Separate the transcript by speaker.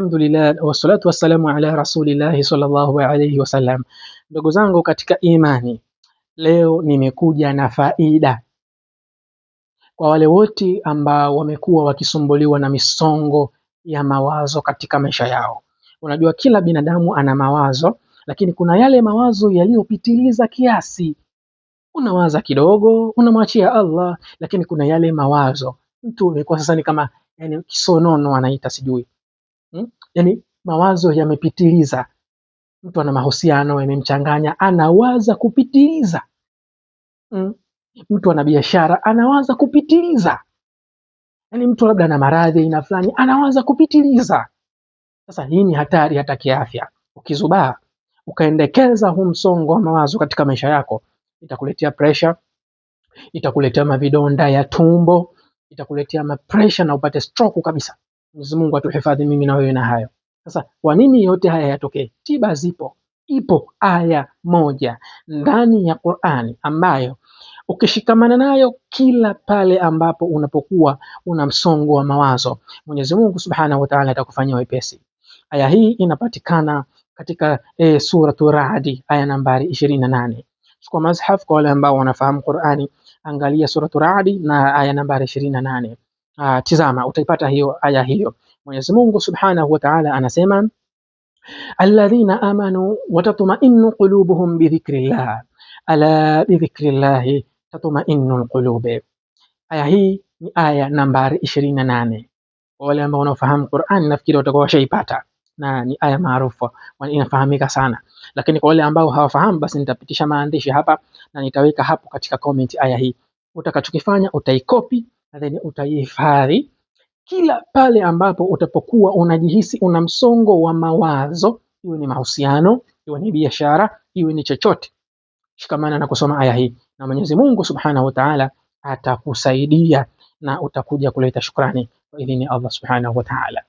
Speaker 1: Alhamdulillah wassalatu wassalamu ala rasulillahi sallallahu alayhi wasallam. Ndugu zangu katika imani, leo nimekuja na faida kwa wale wote ambao wamekuwa wakisumbuliwa na misongo ya mawazo katika maisha yao. Unajua, kila binadamu ana mawazo, lakini kuna yale mawazo yaliyopitiliza kiasi. Unawaza kidogo, unamwachia Allah, lakini kuna yale mawazo mtu amekuwa sasa ni kama yani kisonono anaita sijui hmm? Yani mawazo yamepitiliza, mtu ana mahusiano yamemchanganya, anawaza kupitiliza hmm? Mtu ana biashara anawaza kupitiliza, yani mtu labda ana maradhi aina fulani anawaza kupitiliza. Sasa hii ni hatari hata kiafya. Ukizubaa ukaendekeza huu msongo wa mawazo katika maisha yako, itakuletea pressure, itakuletea mavidonda ya tumbo, itakuletea mapresha na upate stroke kabisa. Mwenyezi Mungu atuhifadhi mimi na wewe na hayo. Sasa kwa nini yote haya yatokee? Tiba zipo, ipo aya moja ndani ya Qur'ani ambayo ukishikamana nayo kila pale ambapo unapokuwa una msongo wa mawazo, Mwenyezi Mungu Subhanahu wa Ta'ala atakufanyia wepesi. Aya hii inapatikana katika e, suratu Ra'd aya nambari ishirini na nane. Chukua mashaf kwa wale ambao wanafahamu Qur'ani, angalia suratu Ra'd na aya nambari ishirini na nane uh, tizama utaipata hiyo aya hiyo. Mwenyezi Mungu Subhanahu wa Ta'ala anasema alladhina amanu watatma'innu qulubuhum bidhikrillah ala bidhikrillahi tatma'innu alqulub. Aya hii ni aya nambari 28. Kwa wale ambao wanaofahamu Qur'an nafikiri watakuwa washaipata na ni aya maarufu inafahamika sana, lakini kwa wale ambao hawafahamu basi nitapitisha maandishi hapa na nitaweka hapo katika comment aya hii. Utakachokifanya utaikopi and then utaihifadhi kila pale ambapo utapokuwa unajihisi una msongo wa mawazo, iwe ni mahusiano, iwe ni biashara, iwe ni chochote. Shikamana na kusoma aya hii, na Mwenyezi Mungu Subhanahu wa Ta'ala atakusaidia na utakuja kuleta shukrani kwa idhini Allah Subhanahu wa Ta'ala.